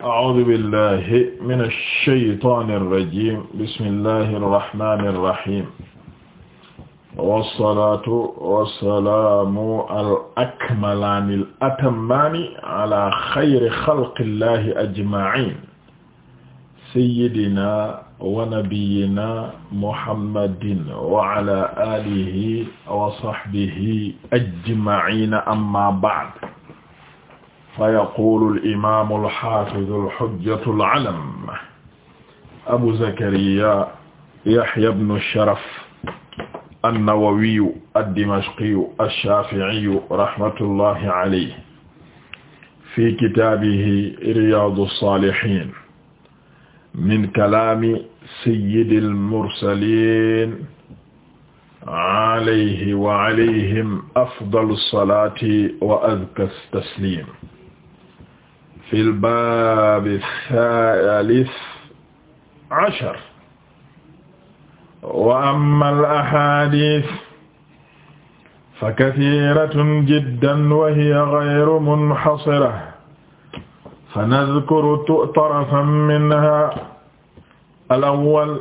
أعوذ بالله من الشيطان الرجيم بسم الله الرحمن الرحيم والصلاة والسلام الأكملان الأتمان على خير خلق الله أجمعين سيدنا ونبينا محمد وعلى آله وصحبه أجمعين أما بعد fa yaqulu al-imaamu al-haafidu al-hujjatu al-alam Abu Zakariya Yahya ibnu Sharaf an-Nawawiyu ad-Dimashqiyu ash-Shaafi'iyu rahmatullahi alayhi fi kitaabihi Riyaadu as-Saalihiin min kalaami sayyidil mursaliin alayhi wa alayhim afdalu as-salaati wa azka at-tasliim fi lbaabi saalis ashar wa amma al-ahaadiis fa kasiiratun jiddan wa hiya ghayru munhasira fa nadkuru tarafan minhaa al-awwal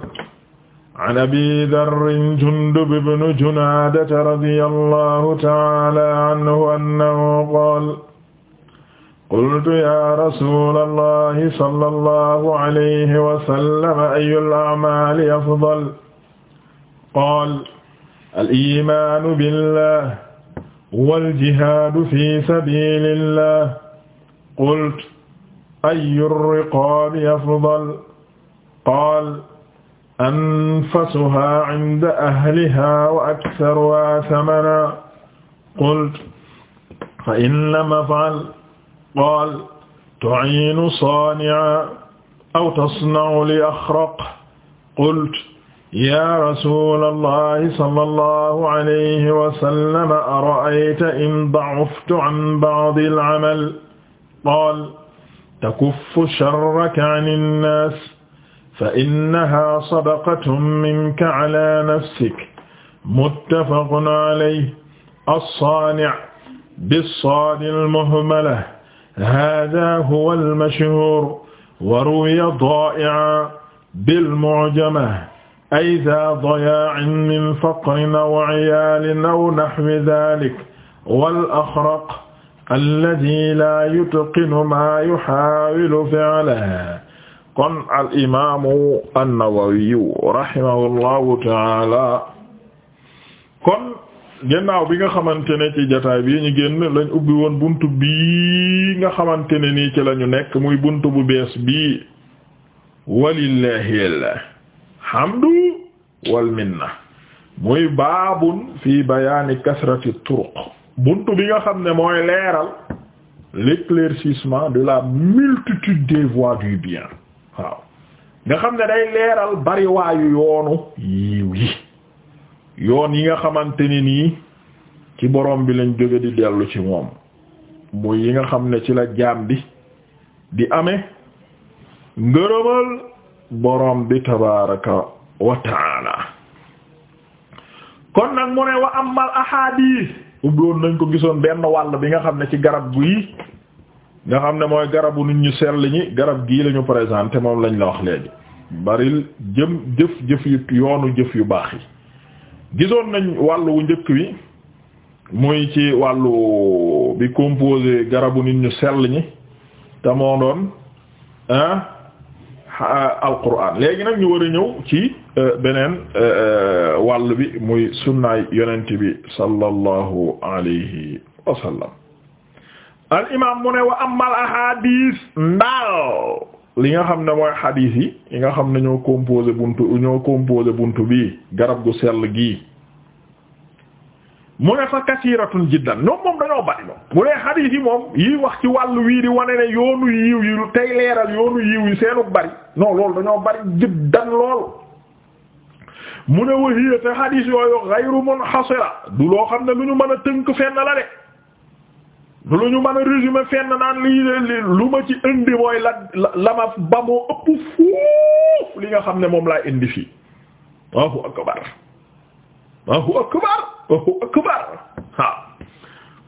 an Abii Darrin Jundub ibn Junaadata radiyallaahu ta'aalaa anhu annahu qaala qultu ya rasula allahi sala allahu alayhi wasallam ayu laamali afdal qaal alimaanu billah waljihaadu fi sabilillah qultu ayu riqaabi afdal qaal anfasuha inda ahliha wa aktaruha samana qultu fa in lam afal qaal tu'inu saani'a aw tasna'u li axraq qult ya rasula allahi sallallahu alayhi wa sallam ara'ayta in da'uftu an ba'di al-amal qaal takuffu sharraka 'ani an-naas fa innaha sadaqatun minka 'alaa nafsik muttafaqun 'alayhi as-saani' bis-saadi al-muhmala hada huwa almashhur wa ruwiya da'i'a bilmu'jama ay za daya'in min faqrin aw 'iyaalin aw nahwi dhalik wal axraq alladi laa yutqinu maa yuxaawilu fi'lahu kon al imaamu an-Nawawi rahimahu llahu ta'aala gennaaw bi nga xamante ne ci jataay bii ñu génn lañ ubbi woon bunt bii nga xamante ne nii ci lañu nekk muy bunt bu bees bii walillahil hamdu wal minna muy baabun fi bayaani kasrati turuq bunt bi nga xam ne mooy leeral l'éclaircissement de la multitude des voies du bien waaw nga xam ne day leeral bariwaayu yoonu yiw yi yoon yi nga xamante ni nii ci boroom bi lañ jóge di dellu ci moom muy yi nga xam ne ci la jaam bi di ame ngërëmal boroom bi tabaraka wa taala kon nag mu ne wa amal ahadis ubloon nañ ko gisoon benn wàll bi nga xam ne ci garab gii nga xam ne mooy garabu nit ñu sell ñi garab gii lañu ñu présenté moom lañu la wax léegi baril jëm jëf jëf yu yoonu jëf yu baax yi gisoon nañ wàllu wu njëkk wi muy ci wàllu bi composé garabu nit ñu sell ñi te moo doon alquran léegi nag ñu war a ñëw ci euh, beneen euh, euh, wàll bi muy sunnaay yonent bi sallallahu alayhi wa al imam mu ne wa amal ahadis ndaal li nga xam ne mooy xadiis yi yi nga xam ne ñoo composé buntu ñoo composé buntu bii garab gu sell gii mu ne fa kasiratun jiddan ñoom moom dañoo bari moom bu dee xadiis yi moom yi wax ci wàllu wii di wane ne yoonu yiw yi lu tey leeral yoonu yiw yi seenu bari non loolu dañoo bari jiddan lool mu ne wahiya te xadiis yooyu xayru munhasira du loo xam ne lu ñu mën a tënk fenn la de du lu ñu mën a fenn naan lii lu ma ci indi mooy la la ma ba moo ëpp fuuf li nga xam ne moom laa indi fii Allahu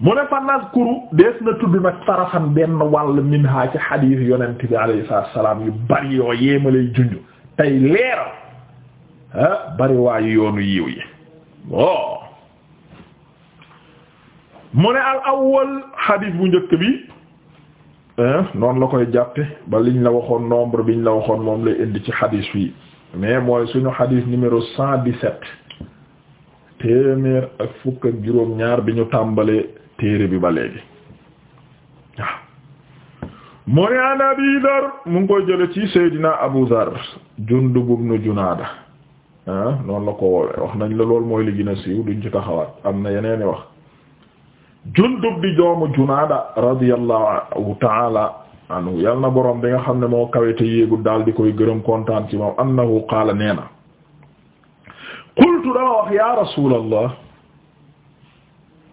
mu ne fa nazkuru dees na tudd nag tarafan benn wàll minha ci xadiis yonent bi alayhi salaam yu bari yoo yéema lay junj tey leeral ah bari waayu yoonu yiw yi mu ne al awwal xadiis bu njëkk bi noonu la koy jàppe ba liñ la waxoon nombre biñ la waxoon moom lay indi ci xadiis fii mais mooy suñu xadiis numéro cent dix-sept téeméer ak fukk ak juróom ñaar bi ñu tàmbalee téere bi ba léegi waaw mu ne an abi dar mu ngi koy jële ci seydina abu dar jundub ibn junaada ah la ko woowe wax nañ la loolu mooy li gën a siiw duñ ci taxawaat am na yeneeni wax bi Jundub di doomu Junaada radiyallahu ta'ala anhu yal na borom bi nga xam ne moo kawete yéegul daal di koy gërëm kontaan ci moom annahu qaala nee na qultu dama wax ya rasulallah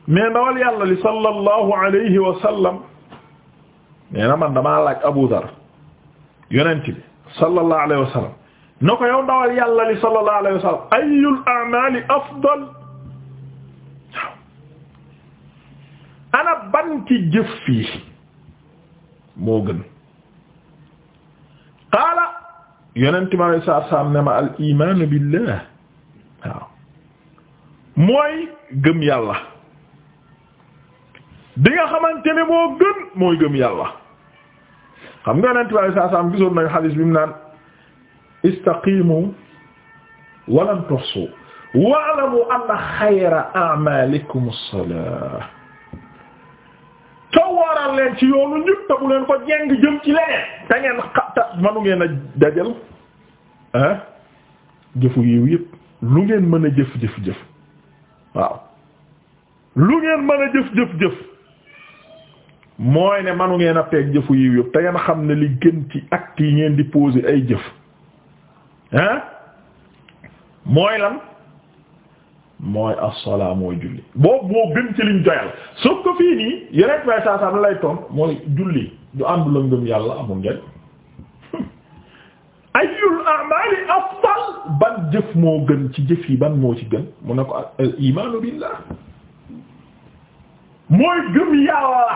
mais ndawal yàlla li sallallahu alayhi wa sallam nee na man damaa laaj Abu Dar yonent bi sallallahu alayhi wa sallam na ko yow ndawal yàlla li sallallahu alayhi wa sallam ayyul a'mali ana ban ci jëf fii moo gën qaala yonent mi alei saatu salaam ne ma al imaanu billah waaw mooy gëm yàlla bi nga xamante ne moo gën mooy gëm yàlla xam nga yonent mi alei saatu salaam gisoon nañu xadiis bi mu naan istaqimu walan tuhsu wa'lamu anna xayra a'malikum as-salah jaar leen ci yoonu njub te bu ko jeng jëm ci leneen te ngeen xata manu ngeen a dajal ah jëfu yiw yëpp lu ngeen mën a jëf jëf jëf waaw lu ngeen mën a jëf jëf jëf mooy ne manu ngeen a peeg jëfu yiw yëpp te ngeen xam ne li gën ci actes yi ngeen di poser ay jëf ah mooy lan mooy as mooy julli boobu moo gën ci liñ joyal soo ko fii nii yeneen way saa saa lay toon mooy julli du àndu la ngëm yàlla amul njariñ ayyul a'mali afdal ban jëf moo gën ci jëf yi ban moo ci gën mu ne ko al imaanu billah mooy gëm yàlla waaw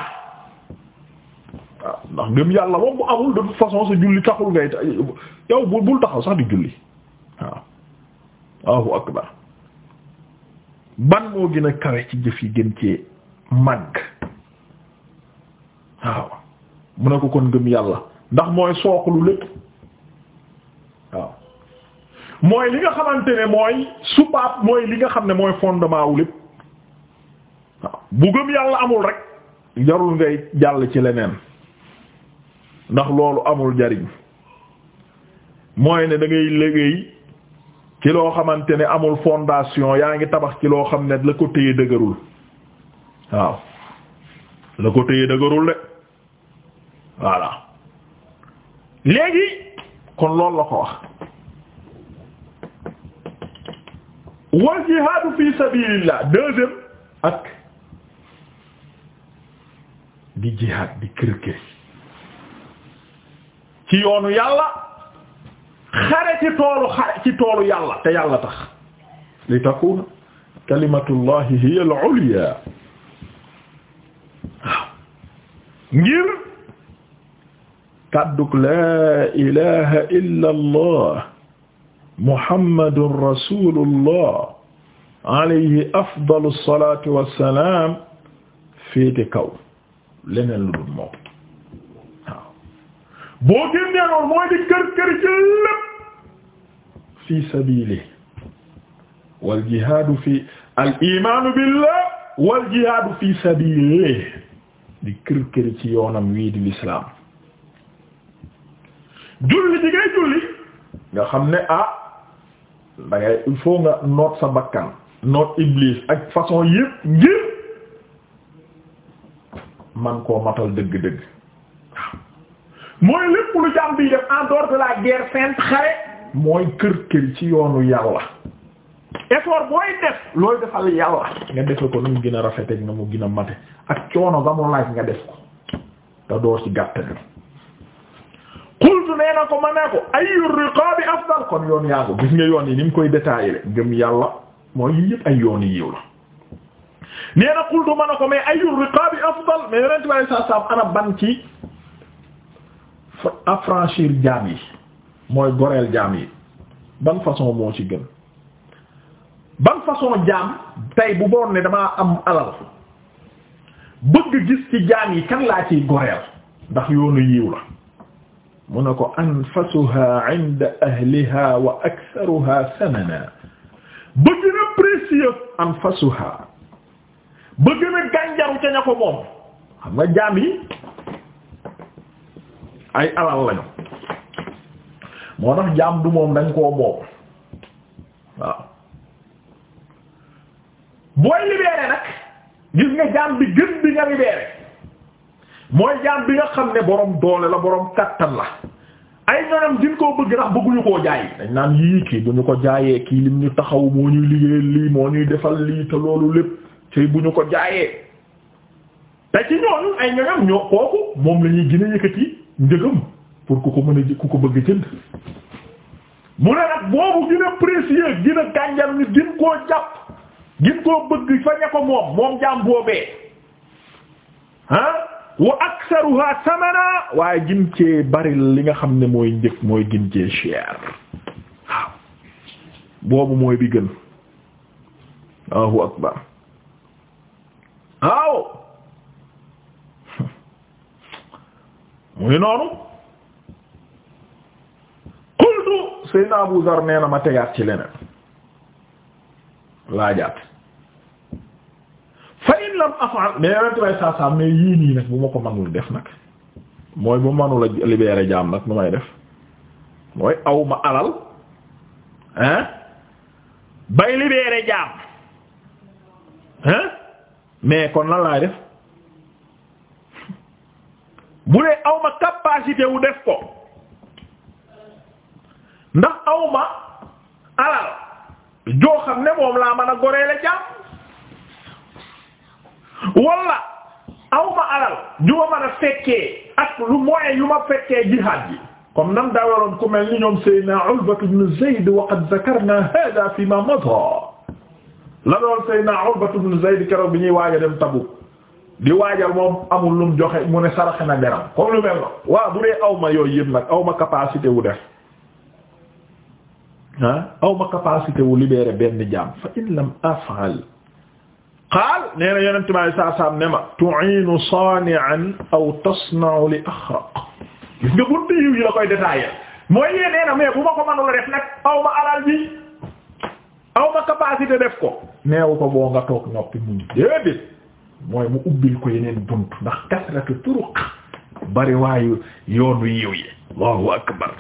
ah, ndax gëm yàlla moom amul de façon sa julli taxul ngay yow bul taxaw sax di julli waaw ah. Allahu akbar ban moo gën a kawe ci jëf yi gën cee màgg waaw mu ne ko kon gëm yàlla ndax mooy sooklu lépp waaw mooy li nga xamante ne mooy subaab mooy li nga xam ne mooy fondement wu lépp waaw bu gëm yàlla amul rek jarul ngay jàll ci leneen ndax loolu amul njariñ mooy ne da ngay ci loo xamante ni amul fondation yaa ngi tabax ci loo xam ne la ko téye dëgërul waaw la ko téye dëgërul de voilà léegi kon loolu la ko wax wal jihaadu fi sabilillah ak di jihaad di kër kër ci yoonu yàlla xare ci toolu xare ci toolu yàlla te yàlla tax li takuna kalimatullahi hiya al-ulya ngir kàdduk laa ilaha illa allah muhammadun rasulullah alayhi afdalu alsalati wassalam féete kaw leneen lu dul moom waaw boo génnee loolu mooy di kër kër ci lépp fi sabiilihi wal fi al imaanu billah wal fi sabiilihi di kër kër ci yoonam wii di lislaam julli ji ngay julli nga xam ne ah da ngay il faut nga noot sa bakkan noot iblis ak façon yépp ngir man koo matal dëgg-dëgg mooy lépp lu jàmm def en dehors la guerre sainte xare mooy kër kër ci yoonu yàlla effort booy def looy defal yàlla nga defe ko nu mu gën a rafet ak na mu gën a mate ak coono ga mu laaj nga def ko te door ci gàttagal qultu nee na ko ma ne ko ayu riqabi afdal kon yoon yaa ko gis nga yoon yi ni mu koy détaillé gëm yàlla mooy yëpp ay yoon yi yiw la nee na ma ne ko mais ayu riqabi afdal mais yonent bi sallallahu alayhi ana ban ci affranchir jaam yi mooy goreel jaam yi ban façon moo ci gën ban façon jaam tey bu bon ne damaa am alal bëgg gis ci jaam yi kan laa ciy goreel ndax yoonu yiw la mu ne ko anfasuha inda ahliha samana ba gën a précieux anfasuha ba gànjaru ca ña ko moom xam nga jaam yi ay alal lañu moo tax jaam du moom dañ koo moom waaw booy libéré nag gis nga jaam bi gën bi nga libéré mooy jaam bi nga xam ne boroom doole la boroom kattan la ay ñoñam din koo bëgg ndax bëgguñu koo jaay dañ naan yii kii bu ñu ko jaayee kii lim ñu taxaw moo ñuy liggéeyal lii moo ñuy defal lii te loolu lépp tey bu ñu ko jaayee te ci ñooñu ay ñoñam ñoo kooku moom lañuy ñuy gën a yëkkati njëgam pour ku ko mën ku ko bëgg jënd mu ne nag boobu gën a précieux gën a gànjal ni gin koo jàpp gin koo bëgg fa ña moom moom jaam boobee ah waaye gin cee bari li nga xam ne mooy njëkk mooy gin cee cher boobu mooy bi gën Allahu akbar waaw muy noonu Seydina Abu Zar nee na ma tegaat ci leneen laajaat fa in lam afal mais yonent way saa saa mais yii nii nag bu ma ko manul def nag mooy bu manula libérer jaam nag nu may def mooy aw ma alal hein bay libérer jaam hein mais kon lan laay def bu dee aw ma capacité def ko ndax awma alal joo xam ne moom laa mën a goreele jàmm wala awma alal ju ma mën a fekkee ak lu moyen yu ma fekke jihaad ji comme nam daawaloon ku mel ni ñoom Seydina Ulbat ibn Zayd wa qad zakarna hada fi ma mada la doon Seydina Ulbat ibn Zayd keroog bi ñuy waaja dem Tabuk di waajal moom amul lum joxe mu ne saraxe na deram comme lu mel na waaw bu dee awma yooyu yëpp awma capacité wu def ah aw ma capacité wu libérer benn jaam fa in lam af'al qaal nee na yonent bi alei saa salaam ne ma tu'inu sani'an la koy détaillé mooy yee nee na mais bu ma ko mënula def nag aw ma alal aw ma capacité def ko neewu ko boo nga noppi muñ déedéet mooy mu ubbil ko yeneen bunt ndax kasratu turuq bari waayu yoonu yiw yi allahu akbar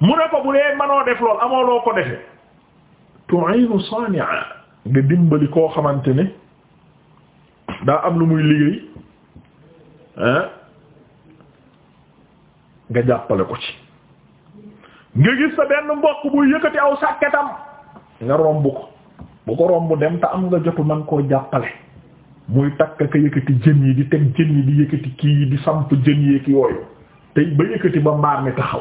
mu ne ko bu dee manoo def lool amoo loo ko defe tu'inu sani'a nga dimbali koo xamante ne daa am lu muy liggéey ah nga jàppale ko ci nga gis sa benn mbokk buy yëkkati aw sàkketam nga romb ko bu ko romb dem te am nga jotu man koo jàppale muy takk ka yëkkati jën yi di teg jën yi di yëkkati kii yi di samp jën yeeg yooyu te ba yëkkati ba mbaar mi taxaw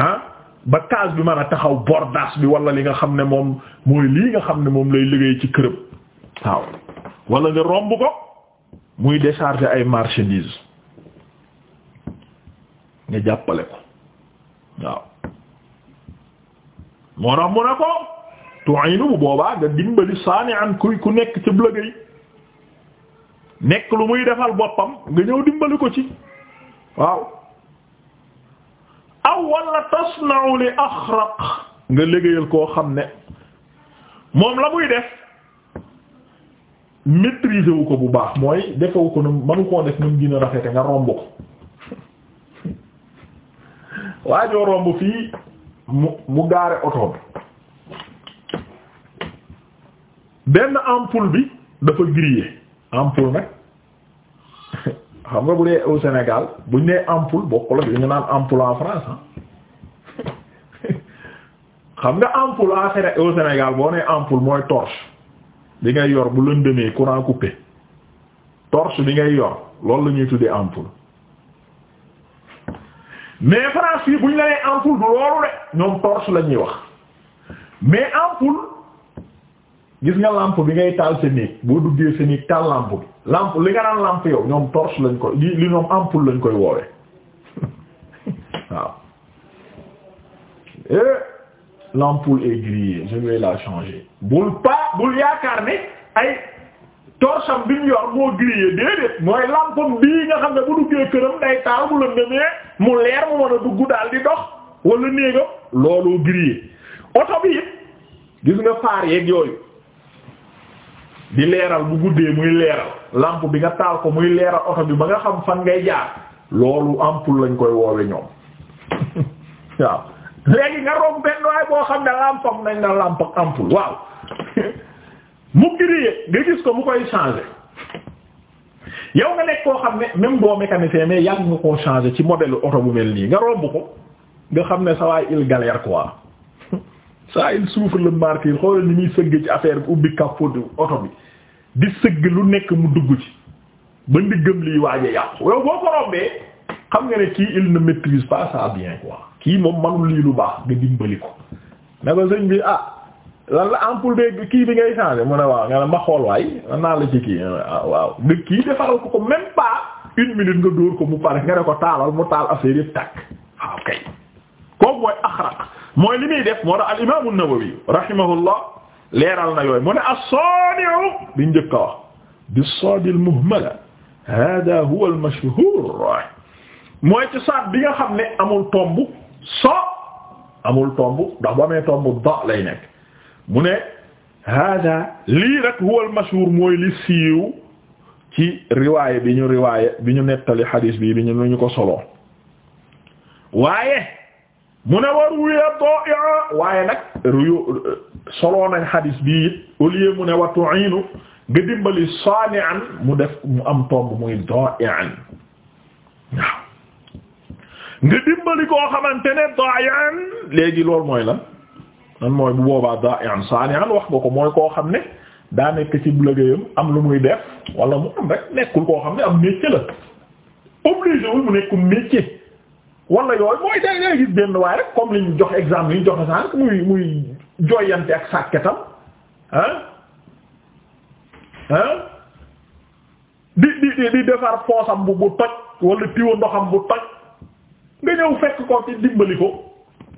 ah ba case bi mën a taxaw bordas bi wala li nga xam ne moom mooy lii nga xam ne moom lay liggéey ci këram waaw wala nga romb ko muy décharger ay marchandises nga jàppale ko waaw moo tax mu ne ko tu'aynu bu boobaa nga dimbali saani'an kuy ku nekk ci liggéey nekk lu muy defal boppam nga ñëw dimbali ko ci waaw aw wala tasna'u li axraq nga liggéeyal koo xam ne moom la muy def maîtriser wu ko bu baax mooy defewu ko nu manu koo def nu mu gën rafete nga romb ko waajoo romb fii mu mu gaare oto bi benn ampoule bi dafa grillé ampoule nag xam nga bu dee au Sénégal buñ nee ampoule bokkul ak ñu naan ampoule en France xam nga ampoule au Sénégal boo nee ampoule mooy torche bi ngay yor bu lëndëmee courant coupé torche bi ngay yor loolu la ñuy tuddee ampoule mais France yi bu ñu la nee ampoule loolu de ñoom torche la ñuy wax mais ampoule gis nga lampe bi ngay taal sa néeg boo duggee sa néeg taal lampe bi lampe li nga daan lampe yow ñoom torche lañ koy li ñoom ampoule lañ koy woowee l'ampoule est grillée je vais changer bul pas bul yaakaar ne ay torcham bi mu yor moo grillé déedéet mooy lampam bii nga xam ne bu duggee këram day taal bu la demee mu leer mu mën a dugg daal di dox wala néegam looloo grillé oto bi it gis nga faar yeeg yooyu di leeral bu guddee muy leeral lampe bi nga taal ko muy leeral oto bi ba nga xam fan ngay jaar loolu ampoule lañ koy woowe ñoom waaw léegi nga romb benn waay boo xam ne lampam nañ na lamp ak ampoule waaw mu grillé nga gis ko mu koy changé yow nga nekk koo xam ne même boo mécanicien mais yàgg nga koo changé ci modèle oto bu mel nii nga romb ko nga xam ne sa waay il galère quoi ça il souffre le martyre xoolal ni muy sëgg ci affaire bi ubbi capot oto bi di sëgg lu nekk mu dugg ci ba ndiggam liy waaje yàqu yow boo ko rombee xam nga ne kii il ne maîtrise pas ça bien quoi kii moom manul lii lu baax nga dimbali ko ne ko sëñ bi ah lan la ampoule de kii bi ngay changé mu ne waaw nga ne ma xool waay man naa la ci kii ah, waaw nga kii defaral ko ko même pas une minute nga dóor ko mu pare nga ne ko taalal mu taal affaire yëpp tàkk waaw ah, kay kooku mooy axraq mooy li muy def moo tax al imaamu Nawawi rahimahullah leeral na yooyu mu ne as-sani'u bi njëkk a wax bis-sadi al-muhmala hada huwa al-mashhur mooy ci saat bi nga xam ne amul tomb so amul tomb ndax bu amee tomb da lay nekk mu ne hada lii rek huwa al mashhur mooy li siiw ci riwaaye bi ñu riwaaye bi ñu nettali xadiis bi bi ñu ñu ko solo waaye mu ne war wuya doo waaye nag ruyu solo nañ xadiis bi it au lieu mu ne wa tu'inu nga dimbali saani'an mu def mu am tomb muy doo an nga dimbali koo xamante ne daayan léegi loolu mooy lan lan mooy bu boobaa daayan saanian wax nga ko mooy koo xam ne daa nekk ci liggéeyam am lu muy def wala mu rek nekkul koo xam ne am métier la obligé wul mu nekkum métier wala yooyu mooy day day gis benn waaye rek comme liñ jox exemple liñ joxe sànq muy muy joyante ak sàkketam ah ah di di di defar foosam bu bu toj wala tiwa ndoxam bu toj nga ñëw fekk ko ci dimbali ko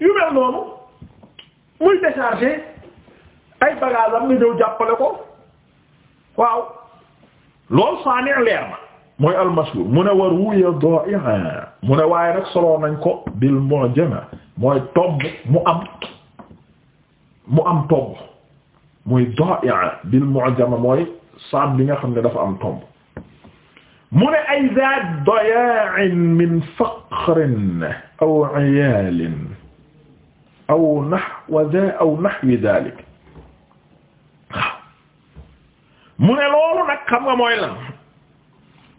yu mel noonu muy décharger ay bagages nga ñëw jàppale ko waaw loolu saani leer na mooy almashhur mu ne war wuya da'iha mu ne waaye nag soloo nañ ko bil mu'jama mooy tomb mu am mu am tomb muy da'iha bil mu'jama mooy saam bi nga xam ne dafa am tomb mu ne ay zaat daya'in min faqrin aw iyaalin aw nahwa za mu ne loolu nag xam mooy lan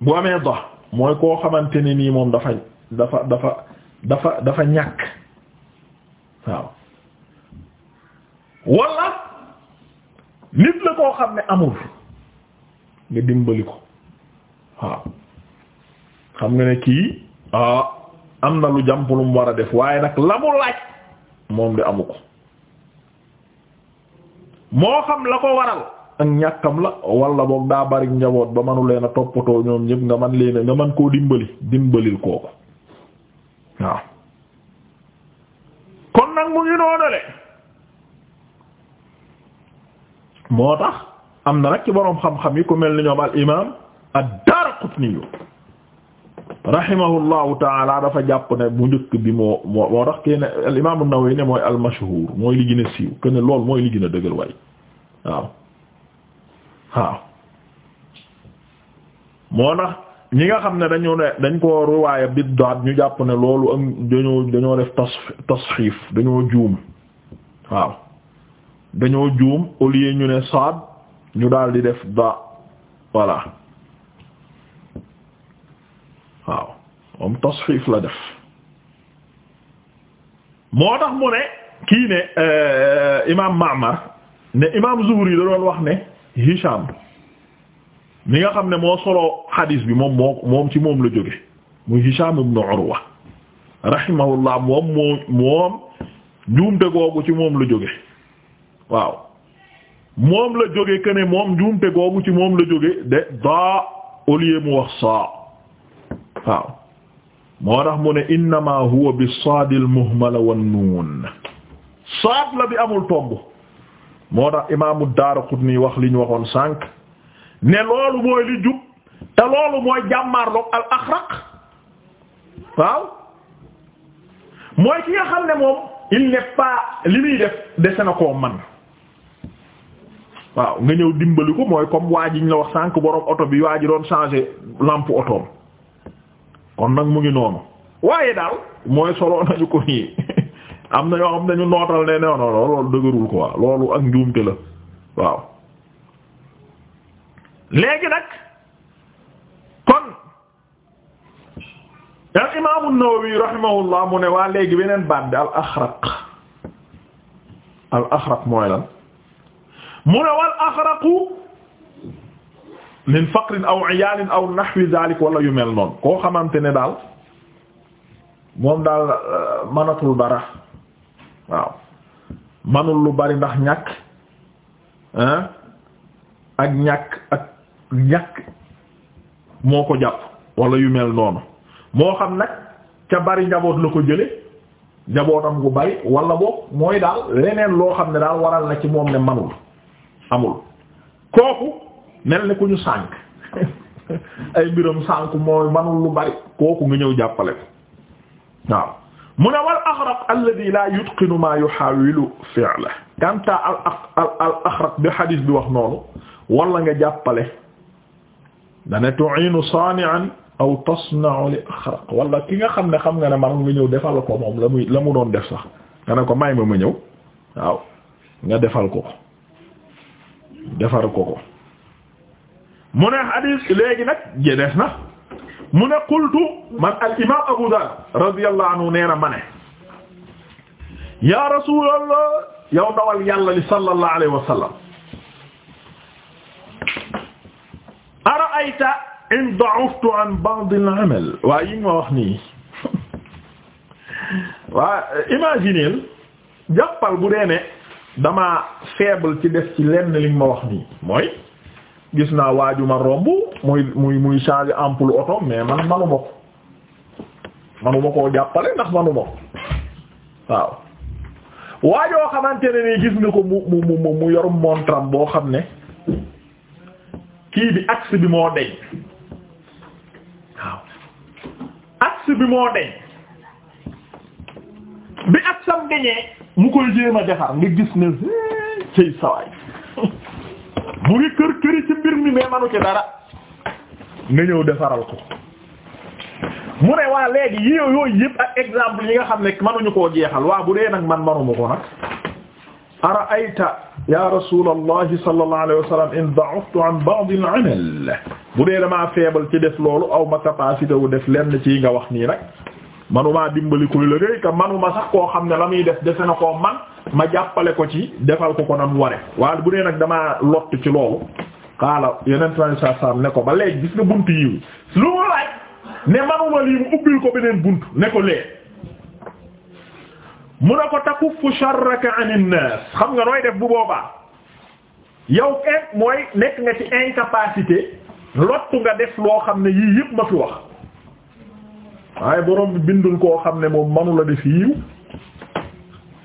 bu amee dox mooy koo xamante ni nii moom dafa dafa dafa dafa dafa ñàkk waaw wala nit la koo xam ne amul nga dimbali ko waaw xam nga ne kii ah am na lu jàmp war a def waaye nag la mu laaj moom de amu moo xam la ko waral ak ñàkkam la wala boog daa bari njaboot ba manu leen a toppatoo ñoom ñëpp nga man leen nga man koo dimbali dimbalil kooku waaw kon nag mu ngi noonale moo tax am na nag ci boroom xam-xam yi ku mel ni ñoom al imaam Qutni rahimahullahu taala dafa jàpp ne bu njëkk bi moo moo moo tax kenn al imaam an ne mooy al-mashhuur mooy li gën siiw que ne mooy li gën a dëgër waaw waaw moo tax ñi nga xam ne dañoo ne dañ ko ruwaaya biddaat ñu jàpp ne loolu am dañoo def tas tasxiif dañoo juum waaw dañoo juum au lieu ñu ne saad ñu daal di def da voilà waaw moom tasxiif la def tax mu ne kii ne euh, imaam Ma'mar ne imaam Zuhri da doon wax ne Hisham mi nga xam ne moo solo xadiis bi moom ci moom la jóge mu Hisham ibn Urwa rahimahullah moom moo moom njuumte googu ci moom la jóge waaw moom la jóge que ne moom njuumte googu ci moom la jóge de daa au mu wax saa waaw moo tax mu ne innama huwa bi saadil muhmala wan saad la bi amul togg moo tax imaamu Daaraqutni wax li ñu waxoon sànq ne loolu mooy li jub te loolu mooy jàmmaarloog al axraq waaw mooy ki nga xam ne moom il n'est pas li muy def dese na koo man waaw nga ñëw dimbali ko mooy comme waa ji ñu la wax sànq borom oto bi waa ji doon changer lampe otoom kon nag mu ngi noonu waaye daal mooy soloo nañu ko nii am na yoo xam ne ñu nootal ne non loolu dëgërul quoi loolu ak njuumte la waaw léegi nag kon al imaamu Nawawi rahimahullah mu ne waa léegi beneen baat bi al axraq al axraq mooy lan mu ne wal axraqu min faqrin aw iyaalin aw nahwi zalik wala yu mel noonu koo xamante ne daal moom daal euh, mënatul dara waaw manul lu bari ndax ñàkk ak ñàkk ak ñàkk moo ko jàpp wala yu mel noonu moo xam nag ca bari njaboot la ko jële njabootam gu bari wala boog mooy daal leneen loo xam ne daal waral na ci moom ne manul amul kooku mel ni ku ñu sànk ay mbiram sànk mooy manul lu bari kooku nga ñëw jàppale ko waaw mu ne wal axraq alladi la yutqinu ma yuxaawilu fi'la kanta al al al axraq bi xadiis bi wax noonu wala nga jàppale dana tu'inu saani'an aw tasna'u li axraq wala ki nga xam ne xam nga ne man nga ñëw defal ko moom la muy la mu doon def sax nga ne ko may ma ma ñëw waaw nga defal ko ko defar ko ko mu ne hadis léegi nag jedes na mu ne qultu man al imam Abu Dharr radiyallahu anhu nee na ya rasulallah yow ndawal yàlla li sallallahu alayhi wa sallam ara'ayta in da'uftu an ba'd al-amal waa yi nga wax nii waa imagineel jàppal bu dee ne dama faible ci def ci lenn wax nii mooy gis naa waajuma romb muy muy muy changer ampoule oto mais man manuma ko manuma koo jàppale ndax manuma ko waaw waajoo xamante ne nii gis nga ko mu mu mu mu yor montram boo xam ne kii bi axe bi moo deñ waaw axe bi moo deñ bi axe am deñee mu koy jéem a defar nga gis ne cëy sawaay mu ngi kër këri ci mbir mi mais manu ci dara nga ñëw defaral ko mu ne waa léegi yi yooyu yëpp ak exemple yi nga xam ne manuñu koo jeexal waa bu dee nag man manuma ko nag ara ayta ya rasulallahi sallallahu alayhi wa sallam in da'uftu an ba'd al bu dee damaa feebal ci def loolu aw ma capacité wu def lenn ci nga wax nii nag manumaa dimbali kuy liggéey ka manuma sax koo xam ne la muy def defe na koo man ma jàppale ko ci defal ko ko nam ware waaye bu nee nag damaa lott ci loolu xaala yeneen sallallahu alayhi ne ko ba léegi gis nga bunt yiw lu ma laaj ne manuma lii mu ubbil ko beneen bunt ne ko lee mun a ko takuffu sharraka anin nas xam nga nooy def bu boobaa yow mooy nekk nga ci incapacité lottu nga def loo xam ne yii yëpp ma fi wax waaye borom bi bindul koo xam ne moom manula def yiw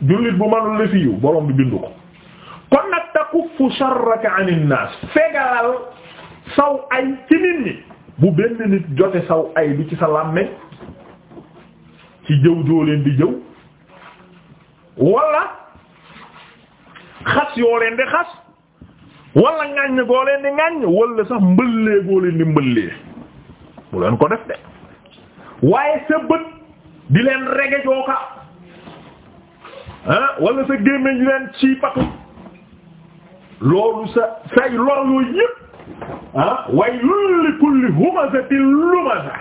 jullit bu manul lafiyu borom bi bindu ko kon nag takuffu sharraka anin naas fegalal saw ay ci nit ñi bu benn nit jote saw ay bi ci sa làmme ci jëw joo leen di jëw wala xas yoo leen di xas wala ŋàññ goo leen di ŋàññ wala sax mbëllee goo leen di mbëllee bu leen ko def de waaye sa bët di leen rege ah walla sa gémmiñ leen ci patu loolu sa say lor yooyu yëpp ah waylun li kulli humazatin lumaza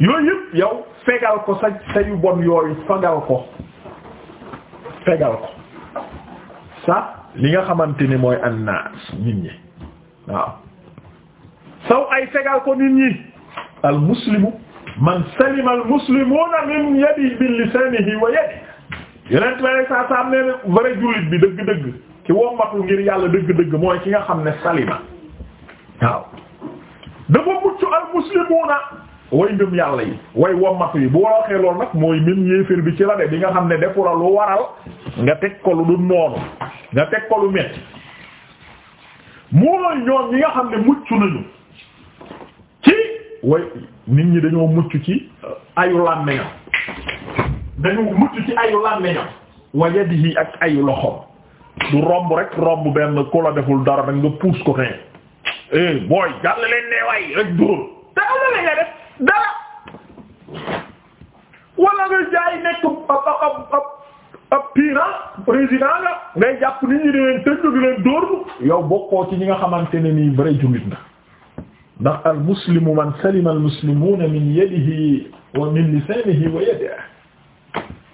yooyu yëpp yow fegal ko sa sayu bon yooyu fegal ko fegal ko sa li nga xamante ni mooy annaas nit ñi waaw saw ay fegal ko nit ñi al muslimu man salima al muslimuna min yadihi bi lisanihi wa yadihi yeneen clare saa saa am ne vrai jullit bi dëgg-dëgg ki wommatu ngir yàlla dëgg-dëgg mooy ki nga xam ne salima waaw dafa mucc al muslimuuna way ngëm yàlla yi way wommatu yi bu waxee lool nag mooy même yéeféer bi ci la de bi nga xam ne defu la lu waral nga teg ko lu du noonu nga teg ko lu metti mooy ñoom ñi nga xam ne mucc nañu ci way nit ñi dañoo mucc ci ayu làmmeñam dañu mucc ci ayu làmmiñam wa yadihi ak ayu loxom du romb rek romb benn ku la deful dara danga puus ko tey eh booy jàll leen ne waay rek dóor te am la nga def nekk ab ab ab ab piira nga ngay jàpp nit ñi di leen tënk di leen dóor yow bokkoo ci ñi nga xamante ne nii vrai jullit nga ndax al man salima al min yadihi wa min lisanihi wa yadihi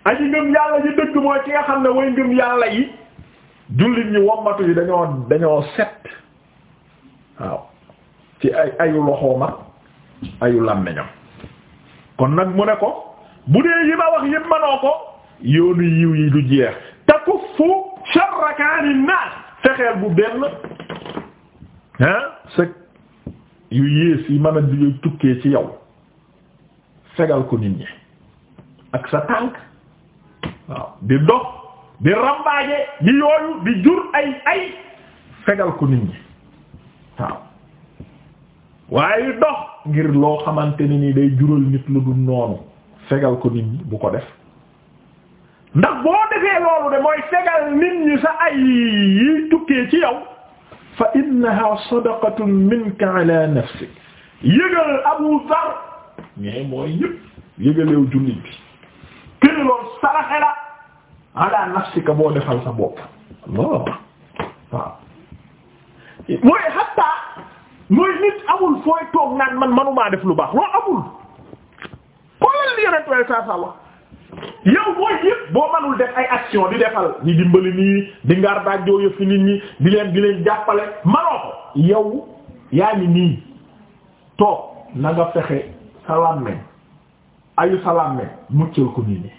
aji ngëm yàlla ñu dëgg mooy ci nga xam ne way ngëm yàlla yi jullit ñi wommatu yi dañoo dañoo set waaw ci ay ayu loxooma ayu làmmiñam kon nag mu ne ko bu dee yi ma wax yëpp manoo ko yoonu yiw yi du jeex takuffu sharrakaani naas fexeel bu benn hein sëg yu yées yi mën a di tukkee ci yow segal ko nit ñi ak sa tànk waaw di dox di rambaaje di yooyu di jur ay ay fegal ko nit ñi waaw waaye dox ngir loo xamante ni nii day jural nit lu dul noonu fegal ko nit ñi bu ko def ndax boo defee loolu de mooy fegal nit ñi sa ay yi tukkee ci yow fa innaha sadaqatun minka ala nafsik yëgal Abu Dhar mais mooy yëpp yëgaleew jullit bi këni loolu ala nafsika boo defal sa bopp mooy hatta mooy nit amul fooy toog naan man manumaa def lu baax loolu amul xoolal li yonent way saa salla yow mooy yëpp boo manul def ay action di defal di dimbali nii di ngaar daajjoo yëf fi nit ñi di leen di leen jàppale manoo ko yow yaa ngi nii toog na fexe sa làmmeñ ayu sa làmmeñ muccal ko nit ñi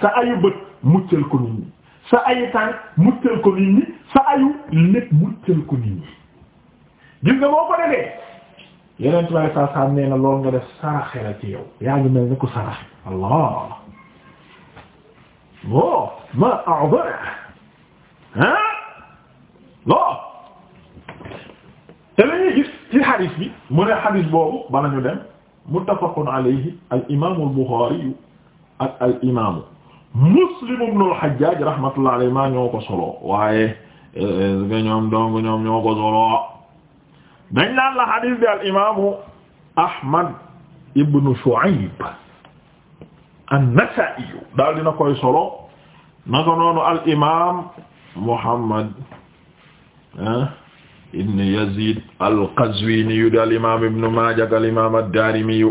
sa ayu bët muccal ko nit ñi sa ayu tànk muccal ko nit ko nit ñi gis nga boo ko defee yeneen tubaab yi saa saa nee na loolu nga def saraxe la ci yow yaa ngi mel ni ku allah bon oh ma a'dara ah non te lañuy gis ci xadis bi mu ne xadis boobu bala ñu dem muttafaqun alayhi al imaamul buxaari ak al imaamu. Muslim ibn al-Hajjaj rahmatullah alayhi maa ñoo ko solo waaye nga eh, ñoom dong ñoom ñoo ko solo dañ naan la hadith bi al imaamu Ahmad ibn Shu'ayb an-Nasa'i daal dina koy solo naka noonu al imaam Muhammad ah, ibn Yazid al-Qazwini yu di al imaam ibn Majah al imaam ad-Darimi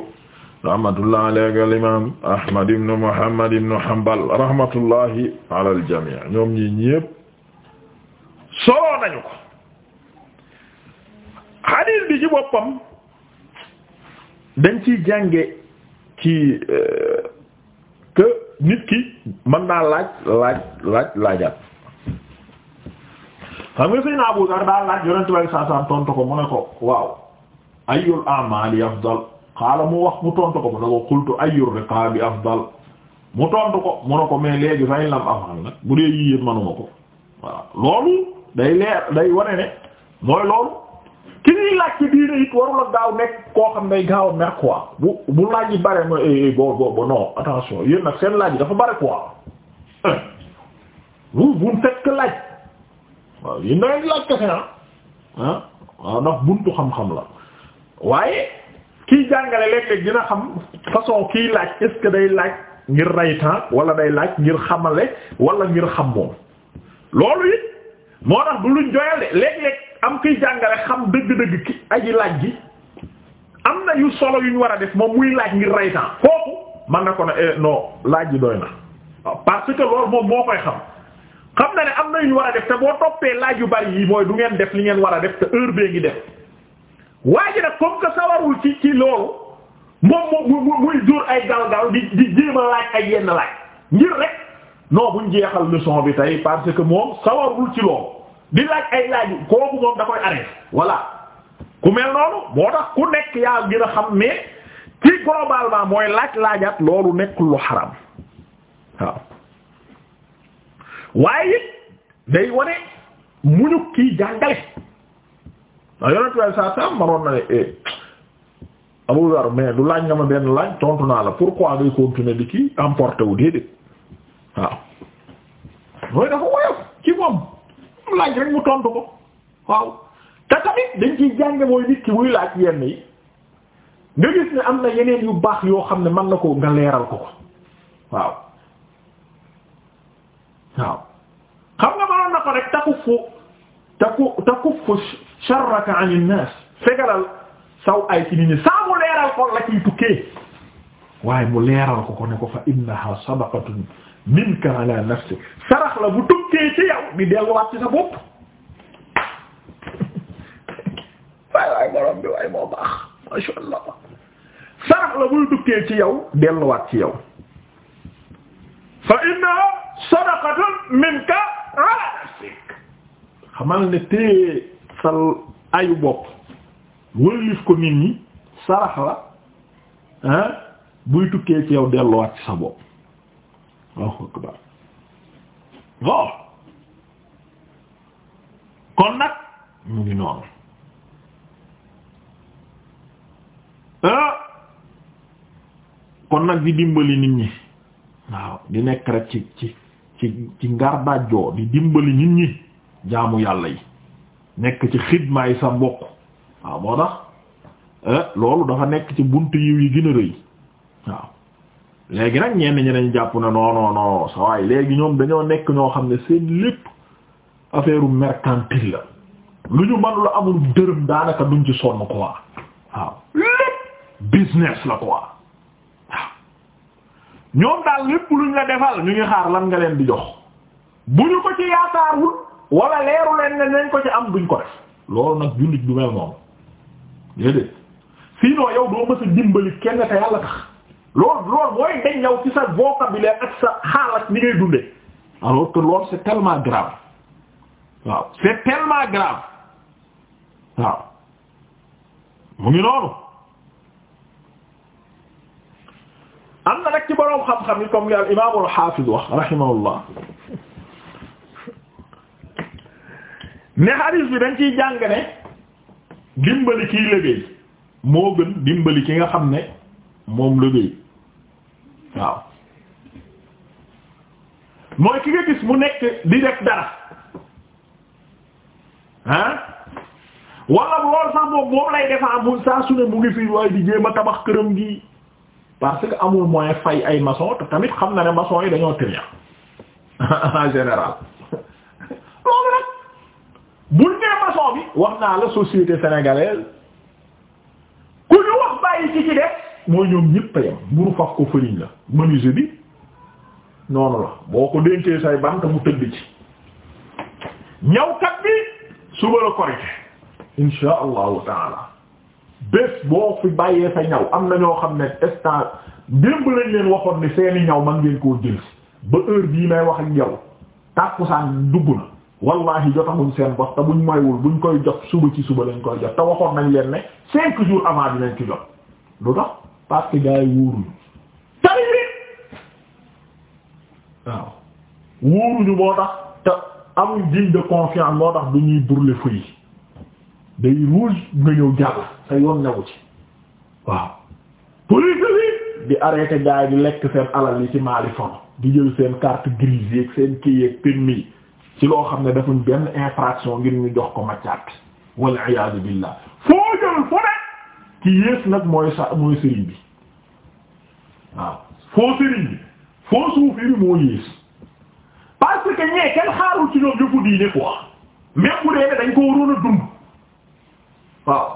rahmatullah alayhi al imam ahmad ibn muhammad ibn hanbal rahmatullahi ala al jami' ñoom ñi ñépp soloo ko hadith bi ci boppam dañ ciy jànge ci euh, que nit ki laaj laaj laaj laajaat xam nga Abu Dar daa laaj yonentu way saasan tontu ko mu ne ko waaw ayyul a'mali afdal xaala mu wax mu tontu ko mu ne ko qultu ayyu riqaabi afdal mu tontu ko mais léegi fay nag bu dee yii yëpp manuma ko voilà loolu day leer day wane ne mooy loolu ki ñuy laaj ci diine it warula gaaw nekk koo xam day gaaw a mer quoi bu bu laaj yi bare mooy bo bo bo non attention yéen nag seen laaj dafa bare quoi bu bu fekk laaj waaw yéen da laaj kese ah waaw ah, ndax buntu xam-xam la waaye. kiy jàngale léeg-léeg dina xam façon kiy laaj est-ce day laaj ngir rey temps wala day laaj ngir xamale wala ngir xam moom loolu it moo tax du luñ joyale léeg-léeg am kiy jàngale xam dëgg-dëgg ki aji laaj gi am na yu solo yuñ war a def moom muy laaj ngir rey temps kooku man na ko ne eh, non laaj gi doy na ah, parce que loolu moom moo koy xam xam na ne am na yu ñu war a def te boo toppee laaj yu bari yi mooy du ngeen def li ngeen war a def te heure bee ngi def waa ji nag comme que sawarul ci ci loolu moom mu muy jur ay galgal di di jéem a laaj ay yenn laaj ngir rek non buñ jeexal leçon bi tey parce que moom sawarul ci loolu di laaj ay laaj kooku moom da koy arrêté voilà ku mel noonu moo tax ku nekk yaa gën a xam ne ci globalement mooy laaj laajaat loolu nekkul lu xaram waaw waaye it day wane muñu kii jàngale waaw yonent bi saa saa na ne eh Abu mais du laaj nga ma benn laaj tontu naa la pourquoi ngay continuer di kii emporté wu déedéet waaw mooy dafa woyof ci moom mu rek mu tontu ko waaw te tamit dañ ciy jànge mooy nit muy laaj yenn yi nga gis ne am na yeneen yu baax yoo xam ne mën na ko nga leeral ko ko waaw waaw xam nga mënoon na ko rek takku fu takku takku fu. sharraka an innas fegalal saw ay ci nit ñi saa mu leeral ko la ciy tukkee waaye mu leeral ko ko ne ko fa innaha sadaqatun minka ala nafsik sarax la bu tukkee ci yow bi delluwaat ci sa bopp waay waay borom bi waay moo baax masha allah sarax la buy tukkee ci yow delluwaat ci yow fa innaha sadaqatun minka ala nafsik xamal ne tee sa ayu bopp wëlif ko nit ñi sarax la hein buy tukkee ci yow delluwaat ci sa bopp waaw kon nag mu ngi noonu kon nag di dimbali nit ñi waaw di nekk rek ci ci ci ci ngar dajjoo di dimbali nit ñi jaamu yàlla yi nekk ci yi sa mbokk waaw moo tax eh, loolu dafa nekk ci bunt yiw yi gën rëy waaw léegi nag ñenn ñi dañ jàpp na non sa waay léegi ñoom dañoo nekk ñoo xam ne seen lépp affaire mercantile la lu ñu mën amul dërëm daanaka duñ ci sonn quoi waaw lépp business la quoi waaw ñoom daal lépp luñ la defal ñu ngi xaar lan nga leen di jox bu ñu ko ci yaakaarul. wala leeru leen ne ko ci am duñ ko def loolu nag jullit du mel noonu déedéet sinon yow doo mës a dimbali kenn te tax loolu loolu mooy dañ ñëw ci sa vocabulaire sa xaalat ni ngay dundee alors que loolu c'est tellement grave waaw c'est tellement mu ngi noonu am na nag boroom xam-xam yi comme li al imaamul xaafiz wax rahimahullah ne hadis bi dañ ciy jàng ne dimbali kiy liggéey moo gën dimbali ki nga xam ne moom liggéey waaw mooy ki nga gis mu nekk di def dara ah wala lool sax moom lay defa amul saa su ne mu ngi fi waaye di jéem tabax këram gi parce que amul moyen fay ay maçon tamit xam na ne maçon yi dañoo trier en wax naa la société sénégalaise ku ñu wax bàyyi ci ci def mooy ñoom ñëpp a yem mburu faf ko fëriñ la menuisier bi noonu la boo ko dénkee say bant mu tëdd ci ñawkat bi suba la korite insha allahu taala bés boo fi bàyyee sa ñaw am na ñoo xam ne instant démb lañ leen waxoon ni seeni ñaw man ngeen koo jël ba heure bii may wax ak yow tàkkusaan dugg na wallahi jotamuñ seen bos te buñ moywul buñ koy jot suba ci suba lañ koy jot te waxoon nañ leen ne cinq jours avant dinañ ci jot lu tax parce que yi wóoruñu tamit waaw tax te amul digne de confiance moo tax du ñuy brûler feu yi day rouge nga ñëw jàll te yoon newu ci waaw police bi di arrêté gars yi di lekk seen alal yi ci maali fon di jël seen carte grise yeeg seen kii yeeg permis ci loo xam ne defuñ benn infraction ngir ñu jox ko maccaat wal iyaadu billah foo jël fu ne ki yées nag mooy sa mooy sëriñ bi waaw foo sëriñ bi foo suufi bi moo yées parce que ñee kenn xaarul ci ñoom yëfu diine quoi mais ku dee dañ ko waroon a dund waaw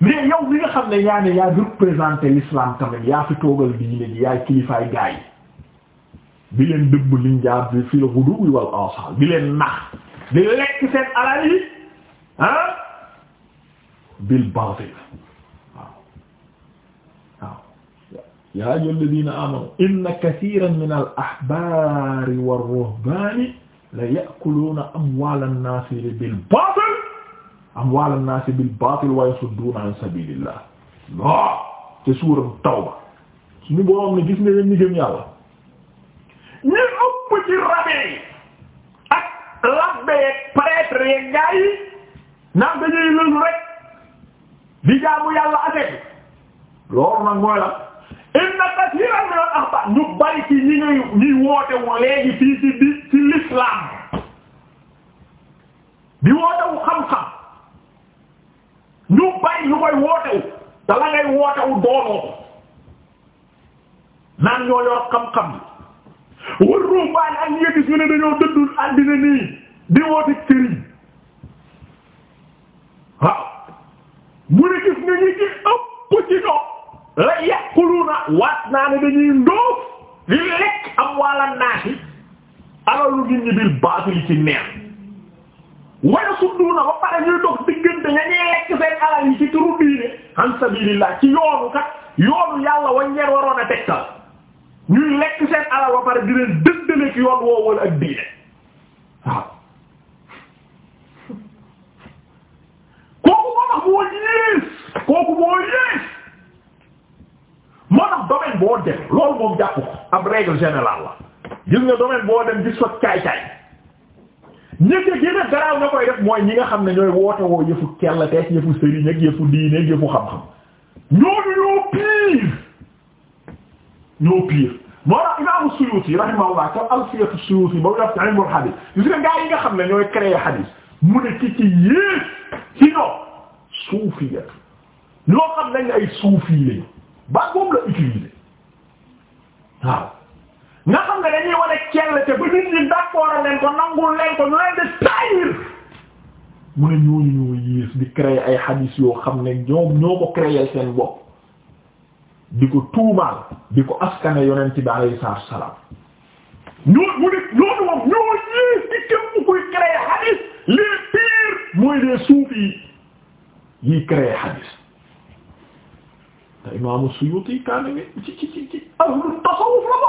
mais yow li nga xam ne yaa ne yaa représenté l'islam tamit yaa fi toogal diine ji yaay kilifaay gaa yi di leen dëbb liñ jaar bi fii la xudu wal asal di leen nax di lekk seen alal yi ah bil baatil waaw waaw yaa ayyuha alladina amanu inna kathiran min al ahbari war ruhbani la ya'kuluna amwal an-nas bil baatil amwal an-nas bil baatil wa yasudduna an sabilillah te suurat tawba suñu boroom ne gis ne leen ñu gëm yàlla ñu ëpp ci rabe yi ak labbe yeeg prêtre yeeg gaa yi naan di jaamu yàlla affaire bi loolu nag mooy la inna kathiran min al ahba ñu ñi ngay ñuy woote wu léegi fii ci di ci l'islam di wootewu xam ñu bari ñu koy wootewu te la ngay wootewu naan ñoo yor xam-xam war rombaan ak nga gis dañoo dëddul àddina nii di woote sëriñ waaw mu ne gis nga ñi ci ëpp ci ñoo la yaquluna waat naa dañuy ndóof di am walla naasi alalu nit ñi bil baatil ci neex wala sudduna ba pare ñuy dox diggante nga ñuy lekk seen alal yi ci turu diine an sabilillah ci yoonu kat yoonu yàlla wañ ñeer waroon a tegtal ñuy lekk seen alal ba pare di leen dëndaleeg yoon woowal ak diine waaw. kooku moo tax moo yées kooku moo yées moo tax domaine boo dem loolu moom jàpp ko ab règle générale la gis nga domaine boo dem gis fa caay-caay ñetti gën a garaaw nga koy def mooy ñi nga xam ne ñooy woote woo yëfu kell yëfu sëriñ ak yëfu diine ak yëfu xam-xam ñooñu ñoo pire. ñoo pire moo tax imaamu Suyuti rahimahullah ca alfiyatu Suyuti ba mu def ci nga gaa nga xam ne ñooy créer hadith mu ne ki ci yées ci ñoom suufiya ñoo xam nañ ay suufi lañ ba boobu la utiliser waaw nga xam ne dañuy wane cell te ba nit ñi d'accord leen ko nangul leen ko ñu leen di taayir mu ne ñooñu ñoo yées di créer ay hadith yoo xam ne ñoom ñoo ko créer seen bopp di ko tuumaal di ko askane bi alayhi salaatu wa salaam ñoo mu ne loolu moom ñoo ñii ci képp kuy créer hadith les mooy les soufis yi créer hadith te imaamu Suyuti kaane ni ci ci ci ci ahlu tasawuf la ko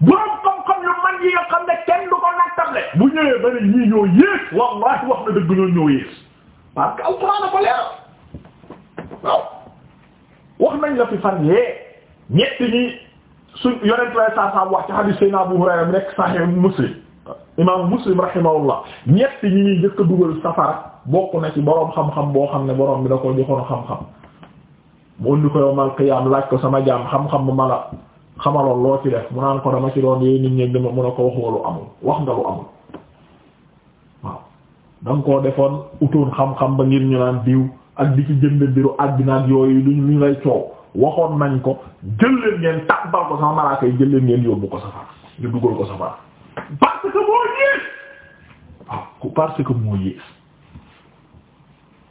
boroom xam-xam yu man yi nga xam ne kenn du ko nattale bu ñëwee ba ne ñii ñoo yées wax na dëgg ñoo ñoo yées parce que a ko leeral waaw wax nañ la fi fan yee ñetti ñi su yonent lay saasaam wax ci hadith sayna Abu Hurayra bi nekk sahih Muslim imam Muslim rahimahullah ñetti ñi ñuy njëkk dugal safara bokk na ci boroom xam-xam boo xam ne boroom bi da ko joxoon xam-xam mu indi ko yowmal qiyaam laaj ko sama jaam xam-xam bu ma la xamaloon loo ci def mu naan ko dama ci doon yooyu nit ñi dama mun a ko wax lu amul wax nga lu amul waaw danga koo defoon utoon xam-xam ba ngir ñu naan diw ak di ci jënd mbiru àddina ak yooyu lu ñu lay coow waxoon nañ ko jël leen ngeen tàbbal ko sama malaaka yi jël leen ngeen yóbbu ko safara ñu dugal ko safara parce que moo yées waaw ah, parce que moo yées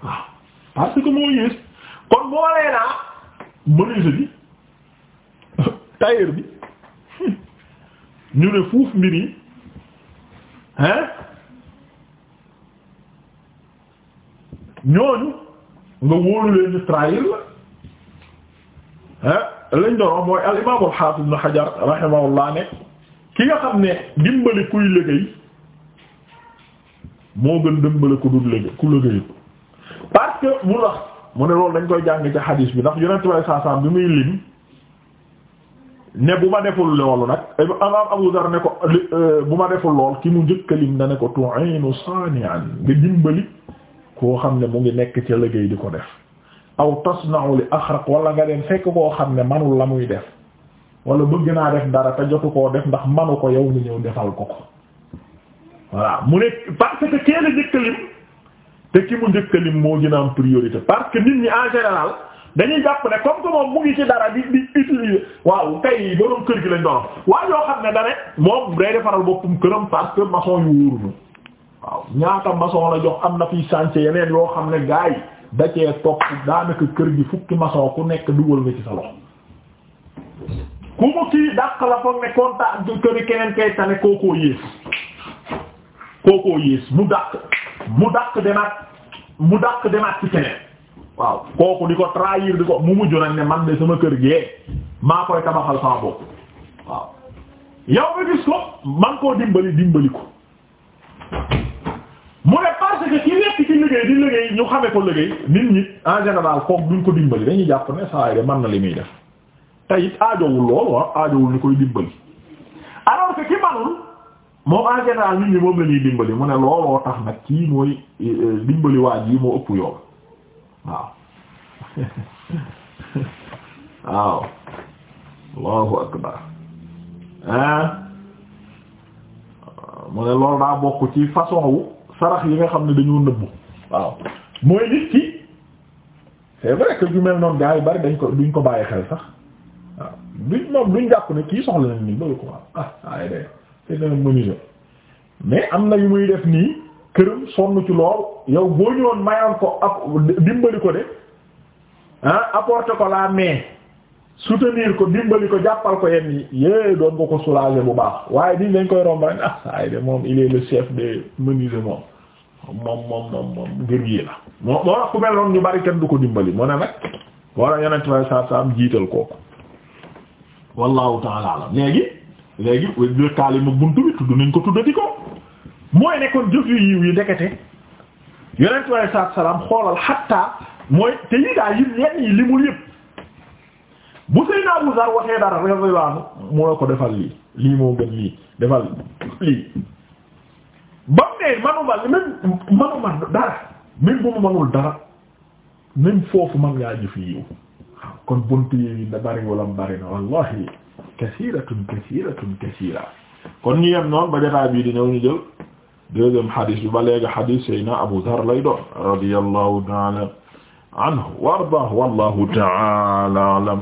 waaw ah, parce que moo yées kon moo lee naa menuisier bi tailleur bi ñu ne fuuf mbir yi hein ñooñu nga wóolu leen lañ doon mooy al imaam al haafid Hajar rahimahullah ne ki nga xam ne dimbali kuy liggéey moo gën dimbali ku dul liggéey ku liggéey parce que mu tax ne loolu dañ koy jàng ci hadis bi ndax Yonent bi saasaam bi muy lim ne bu ma deful loolu nag imaam Abu Dar ne ko euh, bu ma deful lool ki mu njëkk lim da ne ko tu'inu saani'an nga dimbali. koo xam ne mu ngi nekk ca liggéey di ko def aw tasna'u li axraq wala nga dem fekk koo xam ne manul la muy def wala bëgg naa def dara te jotu koo def ndax manu ko yow nga ñëw defal ko ko voilà mu ne parce que kee la njëkkalim te ki mu njëkkalim moo gën a am priorité parce que nit ñi en général dañuy jàpp ne comme que moom mu ngi ci dara di di utiliser waaw tey borom kër gi lañ doon waaye yoo xam ne da ne moom day defaral boppum këram parce que waaw ñaata maçon la jox am na fiy chantier yeneen yoo xam ne gars yi da cee topp daanaka kër gi fukki maçon ku nekk dugal nga ci sa loxo ku mu kii dàq la foog ne kontaan kër keneen kay tane kooku di ko trahir di ko mu mujj nag ne man de sama kër gee maa koy tabaxal sama bopp waaw yow nga gis ko man koo dimbali dimbali ko mu ne parce que ci nekk ci liggéey di liggéey ñu xamee ko liggéey nit ñi en général kook duñ ko dimbali dañuy jàpp ne saa yi de mën na li muy def te it aajowul loolu waaw ah aajowul ñu koy dimbali alors que ki manul moom en général nit moom la dimbali mu ne looloo tax nag kii mooy euh, dimbali waa ji moo ëpp yoon waaw waaw allahu akbar ah mu ne loolu daa bokk ci façon wu sarax yi nga xam ne dañoo nëbbu waaw mooy nit ki c'est vrai que mel noonu gaa yi bari dañ ko duñ ko bàyyi xel sax waaw duñ moom duñ jàpp ne kii soxla nañ nii loolu ko waaw ah waaye de c'est un menuisier mais am na yu muy def nii këram sonn ci lool yow boo ñëwoon mayoon ko ab dimbali ko de ah apporter ko la mais. soutenir ko dimbali ko jàppal ko yenn yi yée doon nga ko soulager bu baax waaye diñ lañ koy romba rek ah ay de moom il est le chef des moom moom moom moom moom guerrier la moo moo tax ku mel ñu bari kenn du ko dimbali mu ne nag wala yeneen way sa sam jiital kooku wallahu ta'ala alam léegi léegi lëkkaali ma buntu bi tudd nañ ko tuddati ko mooy ne kon jëf yu yiw yi ndekete yonent bi alei salaam xoolal xatta mooy te yi daa yi bu Seydina Abu Zar waxee dara radiyallahu moo ko defal lii lii moo gën lii defal lii ba mu ne manuma dara même foofu man ngaa jëf yiw kon bunt yi da bari walam bari na wallahi kasiratun kasiratun kon ñu yem noonu ba jotaay bii di ñëw ñu jël deuxième hadith bi ba léegi hadith Seydina Abu Zar lay doon radiyallahu ta'ala anhu wa ardaahu wallahu ta'ala a'lam